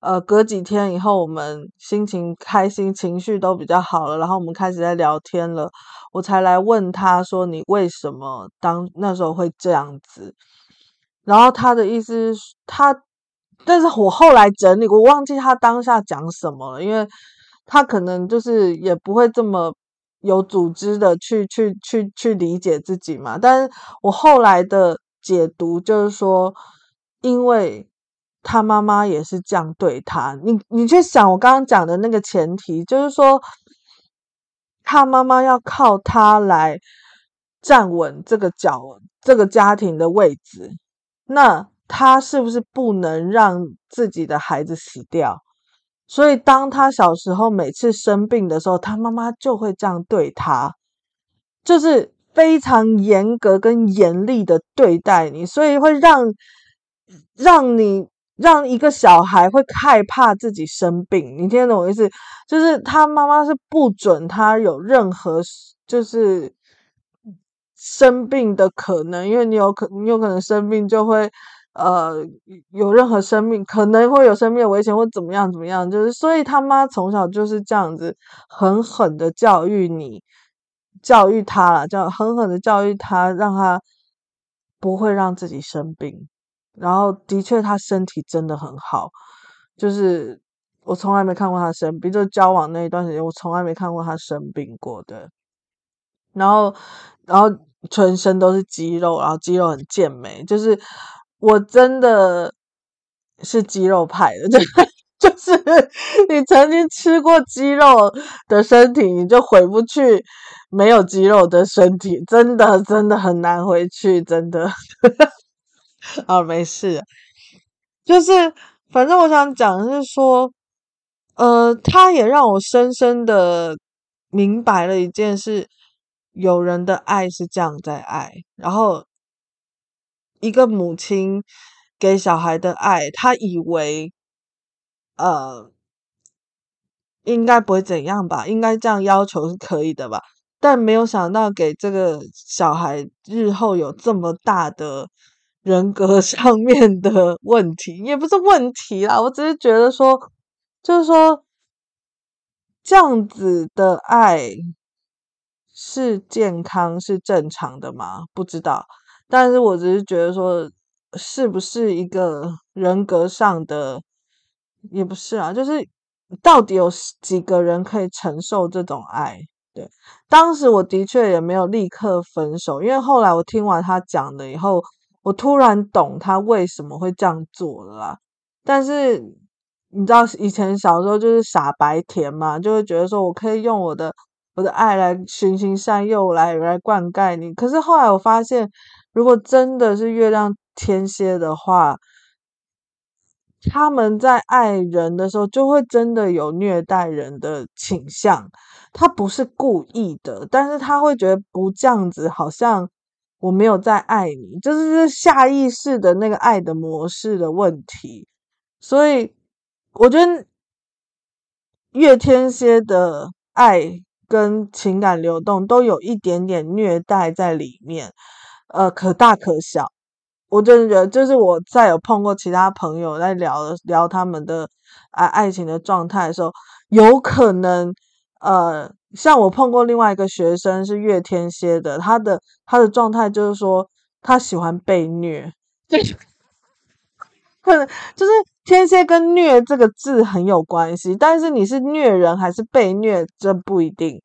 呃，隔幾天以後，我們心情開心，情緒都比較好了，然後我們開始在聊天了，我才來問他說：“你為什麼當那時候會這樣子？”然後他的意思是，他，但是我後來整理，我忘記他當下講什麼了，因為他可能就是也不會這麼有組織的去去去去理解自己嘛。但是我後來的解讀就是說，因為。他媽媽也是這樣對他。你你去想，我剛剛講的那個前提，就是說，他媽媽要靠他來站穩這個腳，這個家庭的位置。那他是不是不能讓自己的孩子死掉？所以，當他小時候每次生病的時候，他媽媽就會這樣對他，就是非常嚴格跟嚴厲的對待你，所以會讓讓你。讓一個小孩會害怕自己生病，你聽得懂我意思？就是他媽媽是不准他有任何就是生病的可能，因為你有可你有可能生病就會呃有任何生命，可能會有生命的危險或怎麼樣怎麼樣，就是所以他媽從小就是這樣子狠狠的教育你，教育他啦，叫狠狠的教育他，讓他不會讓自己生病。然後的確，他身體真的很好，就是我從來沒看過他生病。就交往那一段時間，我從來沒看過他生病過的。然後，然後全身都是肌肉，然後肌肉很健美。就是我真的，是肌肉派的，就是就是你曾經吃過肌肉的身體，你就回不去沒有肌肉的身體，真的真的很難回去，真的。啊，沒事，就是反正我想講的是說，呃，他也讓我深深的明白了一件事：有人的愛是這樣在愛，然後一個母親給小孩的愛，他以為，呃，應該不會怎樣吧，應該這樣要求是可以的吧，但沒有想到給這個小孩日後有這麼大的。人格上面的問題也不是問題啦，我只是覺得說，就是說這樣子的愛是健康是正常的嗎？不知道，但是我只是覺得說，是不是一個人格上的也不是啊？就是到底有幾個人可以承受這種愛？對，當時我的確也沒有立刻分手，因為後來我聽完他講的以後。我突然懂他為什麼會這樣做了啦，但是你知道以前小時候就是傻白甜嘛，就會覺得說我可以用我的我的愛來循循善誘，來來灌溉你。可是後來我發現，如果真的是月亮天蠍的話，他們在愛人的時候就會真的有虐待人的傾向，他不是故意的，但是他會覺得不這樣子好像。我沒有在愛你，就是下意識的那個愛的模式的問題，所以我覺得，月天蠍的愛跟情感流動都有一點點虐待在裡面，呃，可大可小。我真的覺得，就是我再有碰過其他朋友在聊聊他們的、呃、愛情的狀態的時候，有可能，呃。像我碰過另外一個學生是月天蠍的，他的他的狀態就是說，他喜歡被虐，對，可能就是天蠍跟“虐”這個字很有關係，但是你是虐人還是被虐這不一定。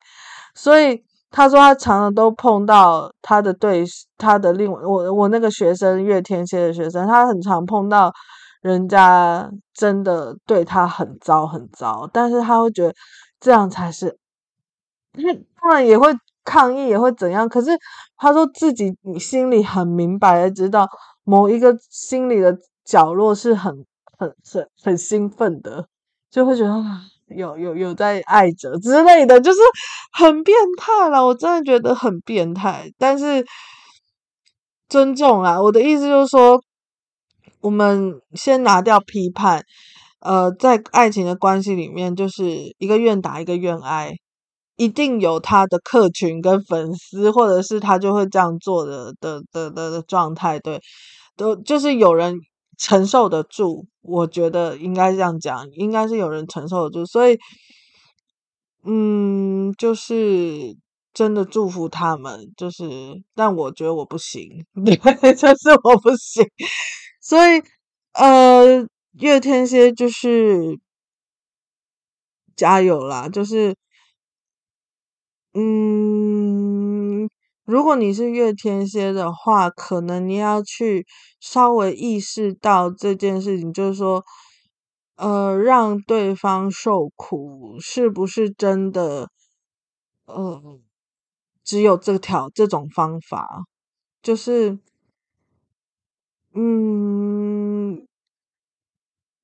所以他說他常常都碰到他的對他的另外我我那個學生月天蠍的學生，他很常碰到人家真的對他很糟很糟，但是他會覺得這樣才是。是，當然也會抗議，也會怎樣？可是他說自己你心裡很明白的知道，某一個心裡的角落是很、很、很、很興奮的，就會覺得有、有、有在愛着之類的，就是很變態了。我真的覺得很變態，但是尊重啊！我的意思就是說，我們先拿掉批判。呃，在愛情的關係裡面，就是一個願打一個願挨。一定有他的客群跟粉絲，或者是他就會這樣做的的的的狀態，對，都就，就是有人承受得住，我覺得應該這樣講，應該是有人承受得住。所以，嗯，就是真的祝福他們，就是但我覺得我不行，對，就是我不行。所以，呃，月天蠍就是加油啦，就是。嗯，如果你是月天蠍的話，可能你要去稍微意識到這件事情，就是說，呃，讓對方受苦是不是真的？呃，只有這條，這種方法，就是，嗯，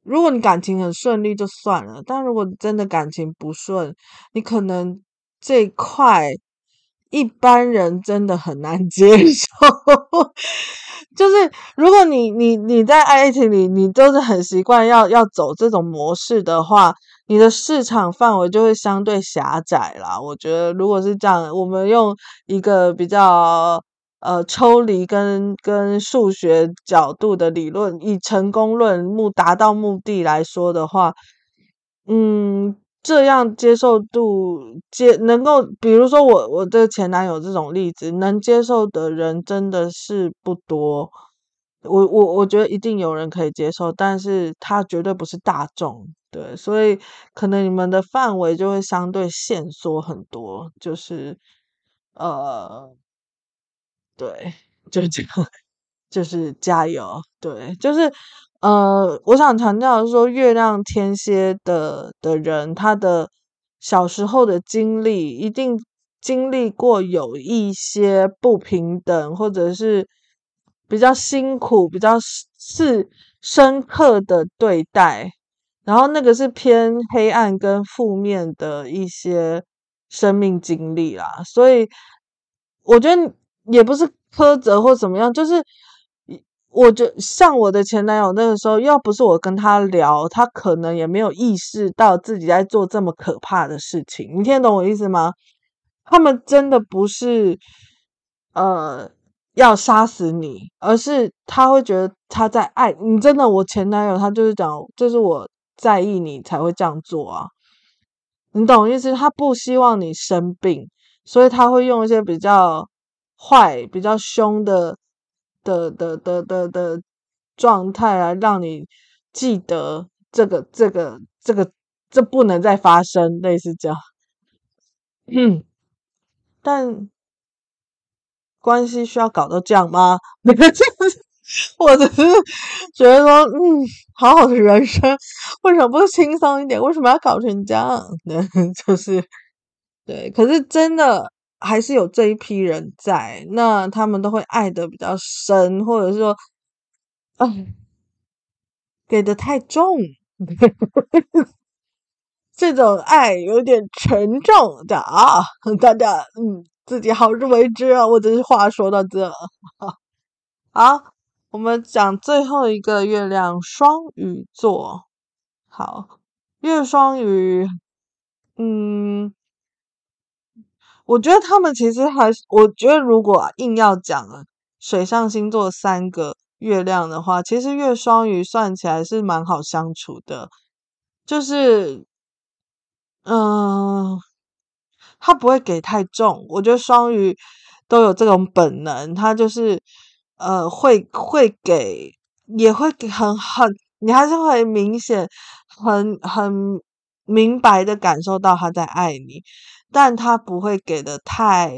如果你感情很順利就算了，但如果真的感情不順，你可能。這一塊，一般人真的很難接受， 就是如果你你你在 I T 裡，你都是很習慣要要走這種模式的話，你的市場範圍就會相對狹窄啦。我覺得如果是這樣，我們用一個比較呃抽離跟跟數學角度的理論，以成功論目達到目的來說的話，嗯。這樣接受度接能夠，比如說我我的前男友這種例子，能接受的人真的是不多。我我我覺得一定有人可以接受，但是他絕對不是大眾，對，所以可能你們的範圍就會相對限縮很多。就是，呃，對，就是這樣，就是加油，對，就是。呃，我想強調說，月亮天蠍的的人，他的小時候的經歷一定經歷過有一些不平等，或者是比較辛苦，比較是深刻的對待，然後那個是偏黑暗跟負面的一些生命經歷啦。所以我覺得也不是苛責或怎麼樣，就是。我就像我的前男友，那個時候要不是我跟他聊，他可能也沒有意識到自己在做這麼可怕的事情。你聽得懂我意思嗎？他們真的不是，呃，要殺死你，而是他會覺得他在愛你。你真的，我前男友他就是講，就是我在意你才會這樣做啊。你懂我意思？他不希望你生病，所以他會用一些比較壞、比較兇的。的的的的的狀態來讓你記得這個這個這個，這不能再發生類似這樣，嗯，但關係需要搞到這樣嗎？我 真我只是覺得說，嗯，好好的人生，為什麼不輕鬆一點？為什麼要搞成這樣？就是對，可是真的。還是有這一批人在，那他們都會愛得比較深，或者是說，嗯、啊，給得太重， 這種愛有點沉重的啊，大家嗯，自己好自為之啊。我這話說到這好，好，我們講最後一個月亮雙魚座，好，月雙魚，嗯。我覺得他們其實還，我覺得如果硬要講水象星座三個月亮的話，其實月雙魚算起來是蠻好相處的，就是，嗯、呃，他不會給太重。我覺得雙魚都有這種本能，他就是呃會會給，也會給很很，你還是會明顯很很明白的感受到他在愛你。但他不會給的太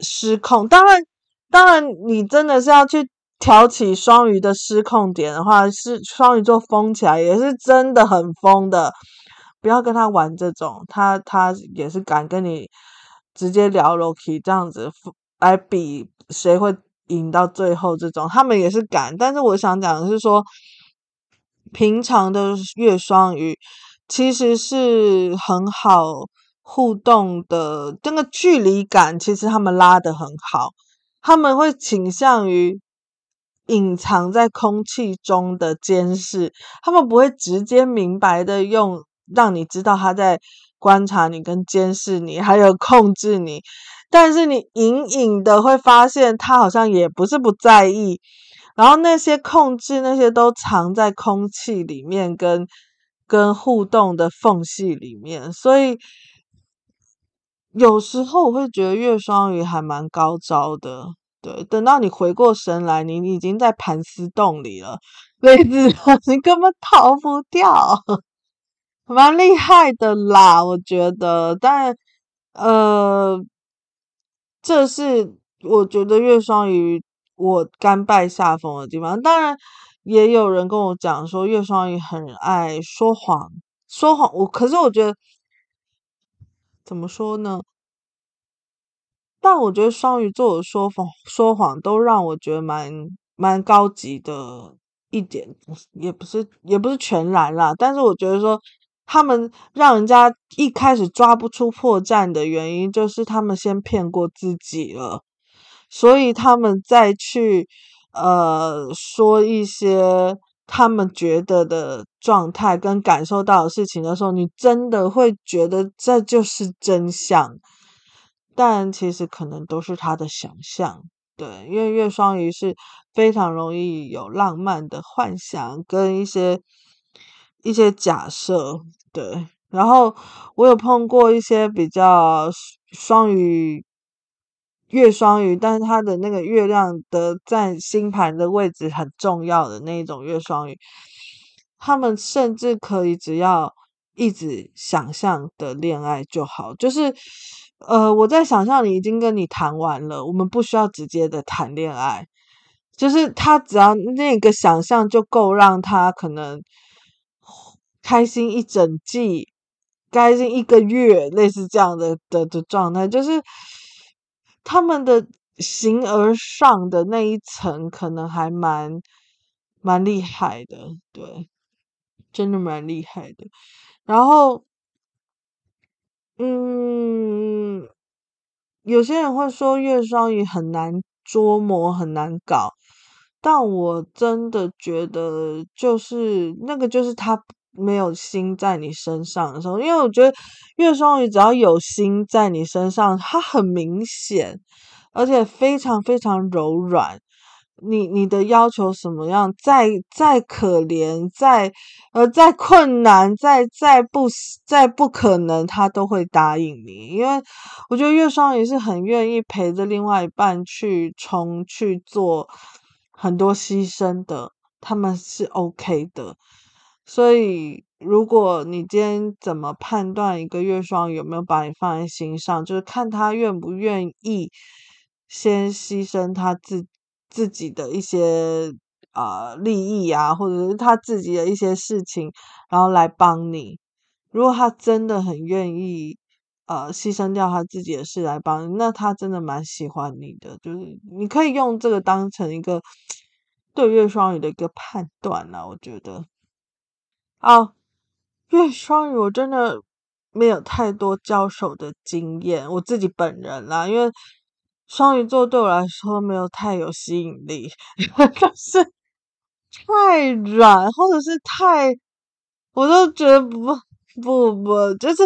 失控，當然，當然，你真的是要去挑起雙魚的失控點的話，是雙魚座瘋起來也是真的很瘋的，不要跟他玩這種，他他也是敢跟你直接聊 Loki 這樣子來比誰會贏到最後，這種他們也是敢，但是我想講的是說，平常都是月雙魚。其實是很好互動的，這、那個距離感其實他們拉得很好。他們會傾向於隱藏在空氣中的監視，他們不會直接明白的用讓你知道他在觀察你、跟監視你，還有控制你。但是你隱隱的會發現，他好像也不是不在意。然後那些控制那些都藏在空氣裡面跟。跟互動的縫隙裡面，所以有時候我會覺得月雙魚還蠻高招的。對，等到你回過神來，你已經在盤絲洞裡了，妹子，你根本逃不掉，蠻厲害的啦，我覺得。但呃，這是我覺得月雙魚我甘拜下風的地方。當然。也有人跟我講說，月雙魚很愛說謊，說謊我，可是我覺得怎麼說呢？但我覺得雙魚座的說謊說謊都讓我覺得蠻蠻高級的一點，也不是也不是全然啦。但是我覺得說他們讓人家一開始抓不出破綻的原因，就是他們先騙過自己了，所以他們再去。呃，說一些他們覺得的狀態跟感受到的事情的時候，你真的會覺得這就是真相，但其實可能都是他的想象，對，因為月雙魚是非常容易有浪漫的幻想跟一些一些假設，對。然後我有碰過一些比較雙魚。月雙魚，但是他的那個月亮的在星盤的位置很重要的那一種月雙魚，他們甚至可以只要一直想象的戀愛就好，就是呃，我在想象裡，已經跟你談完了，我們不需要直接的談戀愛，就是他只要那個想象就夠讓他可能開心一整季，開心一個月，類似這樣的的的狀態，就是。他們的形而上的那一層可能還蠻蠻厲害的，對，真的蠻厲害的。然後，嗯，有些人會說月雙魚很難捉摸，很難搞，但我真的覺得就是那個就是他。沒有心在你身上的時候，因為我覺得月雙魚只要有心在你身上，他很明顯，而且非常非常柔軟。你你的要求什麼樣，再再可憐，再呃再困難，再再不，再不可能，他都會答應你。因為我覺得月雙魚是很願意陪着另外一半去衝去做很多犧牲的，他們是 OK 的。所以，如果你今天怎麼判斷一個月雙有沒有把你放在心上，就是看他願不願意先犧牲他自自己的一些啊、呃、利益啊，或者是他自己的一些事情，然後來幫你。如果他真的很願意，呃，犧牲掉他自己的事來幫你，那他真的蠻喜歡你的。就是你可以用這個當成一個對月雙魚的一個判斷啦、啊，我覺得。哦，月雙魚，我真的沒有太多交手的經驗。我自己本人啦，因為雙魚座對我來說沒有太有吸引力，但 是太軟，或者是太……我都覺得不不不，就是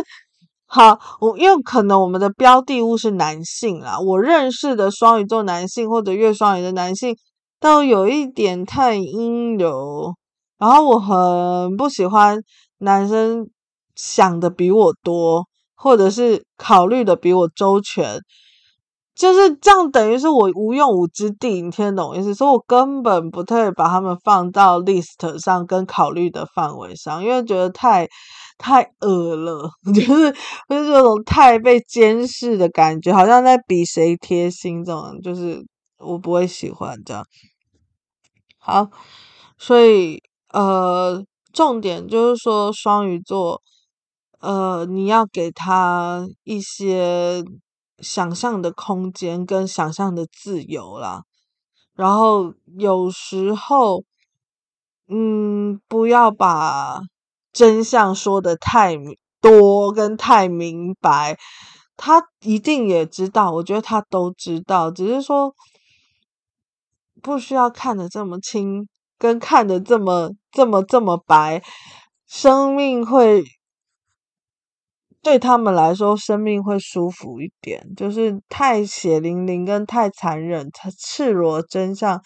好。我因為可能我們的標的物是男性啦，我認識的雙魚座男性或者月雙魚的男性，倒有一點太陰柔。然後我很不喜歡男生想的比我多，或者是考慮的比我周全，就是這樣，等於是我無用武之地。你聽得懂我意思？所以我根本不太把他們放到 list 上跟考慮的範圍上，因為覺得太太惡了，就是就是這種太被監視的感覺，好像在比誰貼心，這種就是我不會喜歡這樣。好，所以。呃，重點就是說雙魚座，呃，你要給他一些想象的空間跟想象的自由啦，然後有時候，嗯，不要把真相說得太多跟太明白，他一定也知道，我覺得他都知道，只是說不需要看得這麼清。跟看得這麼這麼這麼白，生命會對他們來說，生命會舒服一點。就是太血淋淋跟太殘忍，他赤裸真相，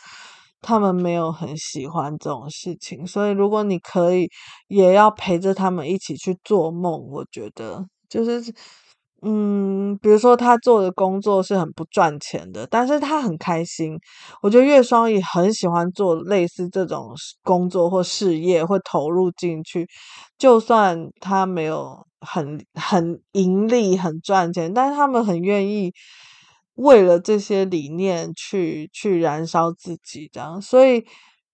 他們沒有很喜歡這種事情。所以如果你可以，也要陪着他們一起去做夢。我覺得就是。嗯，比如說他做的工作是很不賺錢的，但是他很開心。我覺得月雙也很喜歡做類似這種工作或事業，會投入進去。就算他沒有很很盈利、很賺錢，但是他們很願意為了這些理念去去燃燒自己，這樣。所以，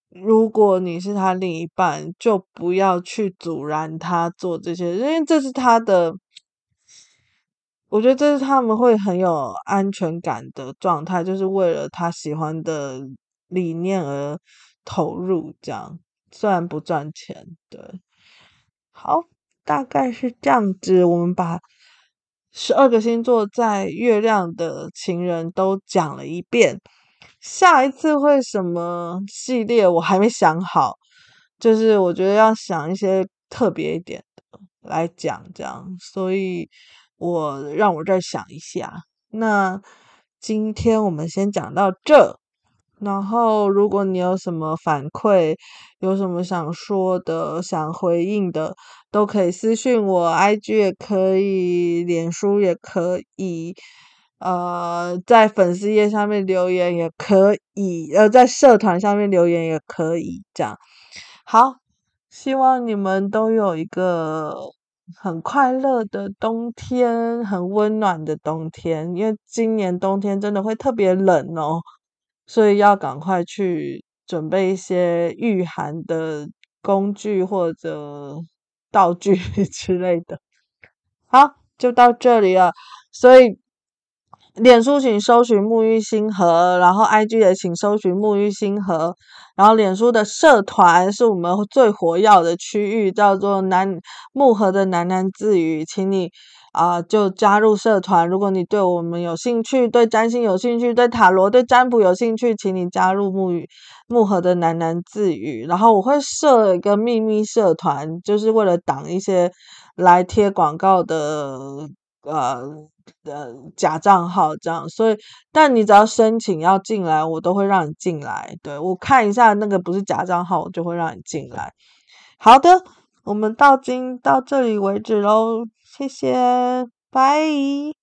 如果你是他另一半，就不要去阻攔他做這些，因為這是他的。我覺得這是他們會很有安全感的狀態，就是為了他喜歡的理念而投入，這樣雖然不賺錢，對。好，大概是這樣子。我們把十二個星座在月亮的情人都講了一遍，下一次會什麼系列我還沒想好，就是我覺得要想一些特別一點的來講，這樣，所以。我讓我再想一下。那今天我們先講到這。然後，如果你有什麼反饋，有什麼想說的、想回應的，都可以私訊我，IG 也可以，臉書也可以，呃，在粉絲頁上面留言也可以，呃，在社團上面留言也可以。這樣，好，希望你們都有一個。很快樂的冬天，很溫暖的冬天，因為今年冬天真的會特別冷哦，所以要趕快去準備一些御寒的工具或者道具之類的。好，就到這裡了，所以。臉書請搜尋沐遇星禾，然後 I G 也請搜尋沐遇星禾，然後臉書的社團是我們最活躍的區域，叫做沐、沐禾的喃喃自語，請你啊、呃、就加入社團。如果你對我們有興趣，對占星有興趣，對塔羅、對占卜有興趣，請你加入沐遇沐禾的喃喃自語。然後我會設一個秘密社團，就是為了擋一些來貼廣告的。呃呃，假賬號這樣，所以，但你只要申請要進來，我都會讓你進來。對，我看一下那個不是假賬號，我就會讓你進來。好的，我們到今，到這裡為止嘍，謝謝，拜。